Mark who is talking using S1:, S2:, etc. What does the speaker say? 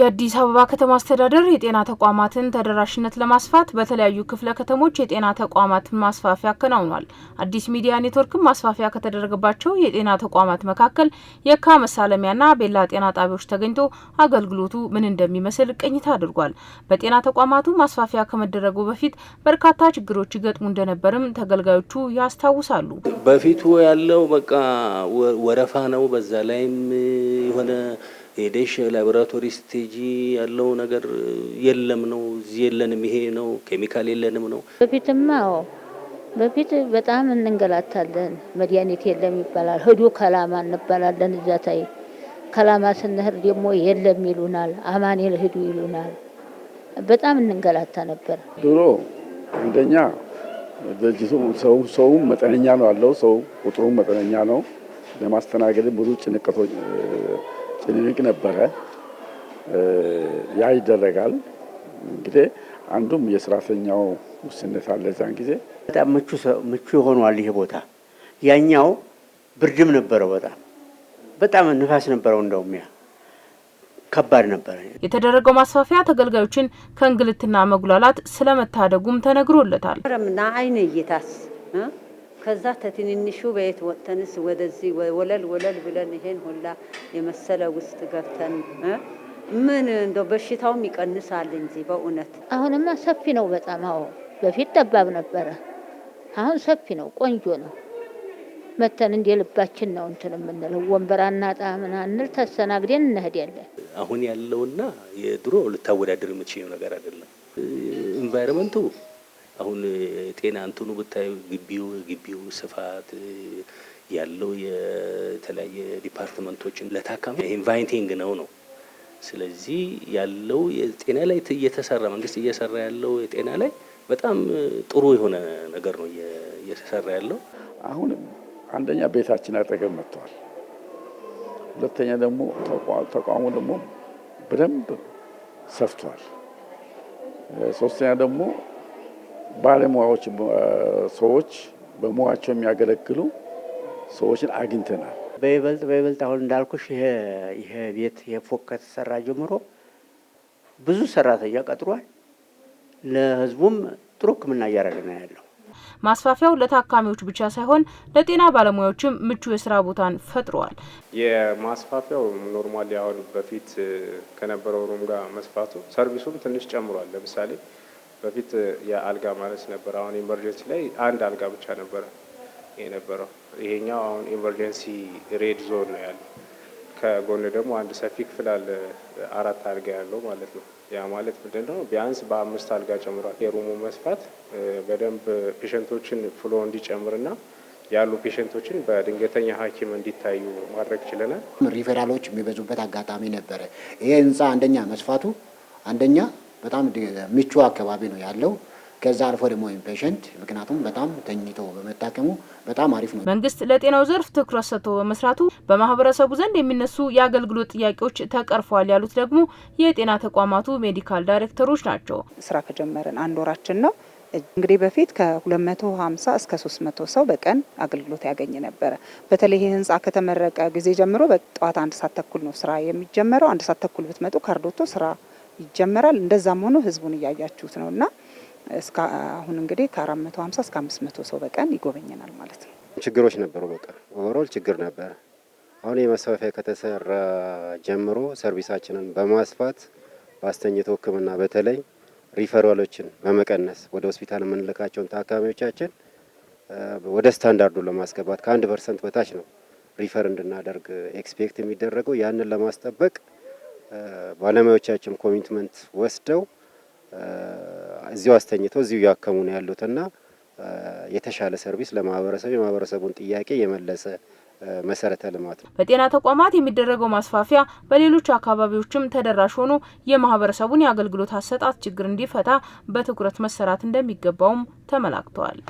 S1: የአዲስ አበባ ከተማ አስተዳደር የጤና ተቋማትን ተደራሽነት ለማስፋት በተለያዩ ክፍለ ከተሞች የጤና ተቋማት ማስፋፊያ አከናውኗል። አዲስ ሚዲያ ኔትወርክም ማስፋፊያ ከተደረገባቸው የጤና ተቋማት መካከል የካ መሳለሚያና ቤላ ጤና ጣቢያዎች ተገኝቶ አገልግሎቱ ምን እንደሚመስል ቅኝታ አድርጓል። በጤና ተቋማቱ ማስፋፊያ ከመደረጉ በፊት በርካታ ችግሮች ይገጥሙ እንደነበርም ተገልጋዮቹ ያስታውሳሉ።
S2: በፊቱ ያለው በቃ ወረፋ ነው። በዛ ላይም የሆነ ሄደሽ ላቦራቶሪ ስቴጂ ያለው ነገር የለም ነው እዚህ የለንም፣ ይሄ ነው ኬሚካል የለንም ነው።
S3: በፊትማ አዎ በፊት በጣም እንንገላታለን። መድኃኒት የለም ይባላል። ህዱ ከላማ እንባላለን። እዛ ታይ ከላማ ስንህር ደግሞ የለም ይሉናል። አማኔል ህዱ ይሉናል። በጣም እንንገላታ ነበር
S4: ድሮ። አንደኛ ድርጅቱ ሰውም መጠነኛ ነው ያለው ሰው ቁጥሩም መጠነኛ ነው። ለማስተናገድም ብዙ ጭንቀቶች ትንንቅ ነበረ። ያ ይደረጋል እንግዲህ አንዱም የሰራተኛው ውስነት አለ። እዛን ጊዜ
S5: በጣም ምቹ የሆኗል ይሄ ቦታ። ያኛው ብርድም ነበረው በጣም በጣም ንፋስ ነበረው እንደውም ያ ከባድ ነበረ።
S1: የተደረገው ማስፋፊያ ተገልጋዮችን ከእንግልትና መጉላላት ስለመታደጉም ተነግሮለታል።
S3: ረምና አይነ እይታስ ከዛ ተትንንሹ ቤት ወጥተንስ ወደዚህ ወለል ወለል ብለን ይሄን ሁላ የመሰለ ውስጥ ገብተን ምን እንደ በሽታውም ይቀንሳል እንጂ በእውነት አሁንማ ሰፊ ነው በጣም። አዎ በፊት ጠባብ ነበረ፣ አሁን ሰፊ ነው፣ ቆንጆ ነው። መተን እንደ ልባችን ነው እንትን የምንለው ወንበር አናጣ ምናምን ተሰናግደን ያለን።
S2: አሁን ያለውና የድሮ ልታወዳደር የምትችለው ነገር አይደለም። ኢንቫይሮመንቱ አሁን ጤና እንትኑ ብታዩ ግቢው ግቢው ስፋት ያለው የተለያየ ዲፓርትመንቶችን ለታካሚ ኢንቫይቲንግ ነው ነው። ስለዚህ ያለው የጤና ላይ እየተሰራ መንግስት እየሰራ ያለው የጤና ላይ በጣም ጥሩ የሆነ ነገር ነው እየተሰራ ያለው።
S4: አሁን አንደኛ ቤታችን አጠገብ መጥተዋል። ሁለተኛ ደግሞ ተቋሙ ደግሞ በደንብ ሰፍቷል። ሶስተኛ ደግሞ ባለሙያዎች ሰዎች በሙያቸው የሚያገለግሉ ሰዎችን አግኝተናል።
S5: በይበልጥ በይበልጥ አሁን እንዳልኩሽ ይሄ ቤት ይሄ ፎቅ ከተሰራ ጀምሮ ብዙ ሰራተኛ ቀጥሯል። ለህዝቡም ጥሩ ሕክምና እያደረገ ነው ያለው።
S1: ማስፋፊያው ለታካሚዎች ብቻ ሳይሆን ለጤና ባለሙያዎችም ምቹ የስራ ቦታን ፈጥሯል።
S6: የማስፋፊያው ኖርማሊ አሁን በፊት ከነበረው ሩም ጋር መስፋቱ ሰርቪሱም ትንሽ ጨምሯል። ለምሳሌ በፊት የአልጋ ማነስ ነበር። አሁን ኢመርጀንሲ ላይ አንድ አልጋ ብቻ ነበረ የነበረው። ይሄኛው አሁን ኢመርጀንሲ ሬድ ዞን ነው ያለው። ከጎን ደግሞ አንድ ሰፊ ክፍል አለ፣ አራት አልጋ ያለው ማለት ነው። ያ ማለት ምንድነው ቢያንስ በአምስት አልጋ ጨምሯል። የሩሙ መስፋት በደንብ ፔሸንቶችን ፍሎ እንዲጨምርና ያሉ ፔሸንቶችን በድንገተኛ ሐኪም እንዲታዩ ማድረግ ችለናል።
S5: ሪፌራሎች የሚበዙበት አጋጣሚ ነበረ። ይሄ ህንፃ አንደኛ መስፋቱ አንደኛ በጣም ምቹ አካባቢ ነው ያለው። ከዛ አልፎ ደግሞ ኢምፔሽንት ምክንያቱም በጣም ተኝቶ በመታከሙ በጣም አሪፍ ነው።
S1: መንግስት ለጤናው ዘርፍ ትኩረት ሰጥቶ በመስራቱ በማህበረሰቡ ዘንድ የሚነሱ የአገልግሎት ጥያቄዎች ተቀርፏል ያሉት ደግሞ የጤና ተቋማቱ ሜዲካል ዳይሬክተሮች ናቸው።
S7: ስራ ከጀመረን አንድ ወራችን ነው። እንግዲህ በፊት ከ250 እስከ 300 ሰው በቀን አገልግሎት ያገኝ ነበረ። በተለይ ይህ ህንፃ ከተመረቀ ጊዜ ጀምሮ በጠዋት አንድ ሰዓት ተኩል ነው ስራ የሚጀመረው። አንድ ሰዓት ተኩል ብትመጡ ካርዶቶ ስራ ይጀመራል። እንደዛም ሆኖ ህዝቡን እያያችሁት ነው እና አሁን እንግዲህ ከ450 እስከ 500 ሰው በቀን ይጎበኘናል ማለት ነው።
S2: ችግሮች ነበሩ፣ በቃ ኦቨሮል ችግር ነበር አሁን የመስፋፊያ ከተሰራ ጀምሮ ሰርቪሳችንን በማስፋት በአስተኝቶ ህክምና በተለይ ሪፈራሎችን በመቀነስ ወደ ሆስፒታል የምንልካቸውን ታካሚዎቻችን ወደ ስታንዳርዱ ለማስገባት ከአንድ ፐርሰንት በታች ነው ሪፈር እንድናደርግ ኤክስፔክት የሚደረገው ያንን ለማስጠበቅ ባለሙያዎቻችን ኮሚትመንት ወስደው እዚሁ አስተኝተው እዚሁ እያከሙ ነው ያሉትና የተሻለ ሰርቪስ ለማህበረሰብ የማህበረሰቡን ጥያቄ የመለሰ መሰረተ ልማት ነው።
S1: በጤና ተቋማት የሚደረገው ማስፋፊያ በሌሎች አካባቢዎችም ተደራሽ ሆኖ የማህበረሰቡን የአገልግሎት አሰጣት ችግር እንዲፈታ በትኩረት መሰራት እንደሚገባውም ተመላክተዋል።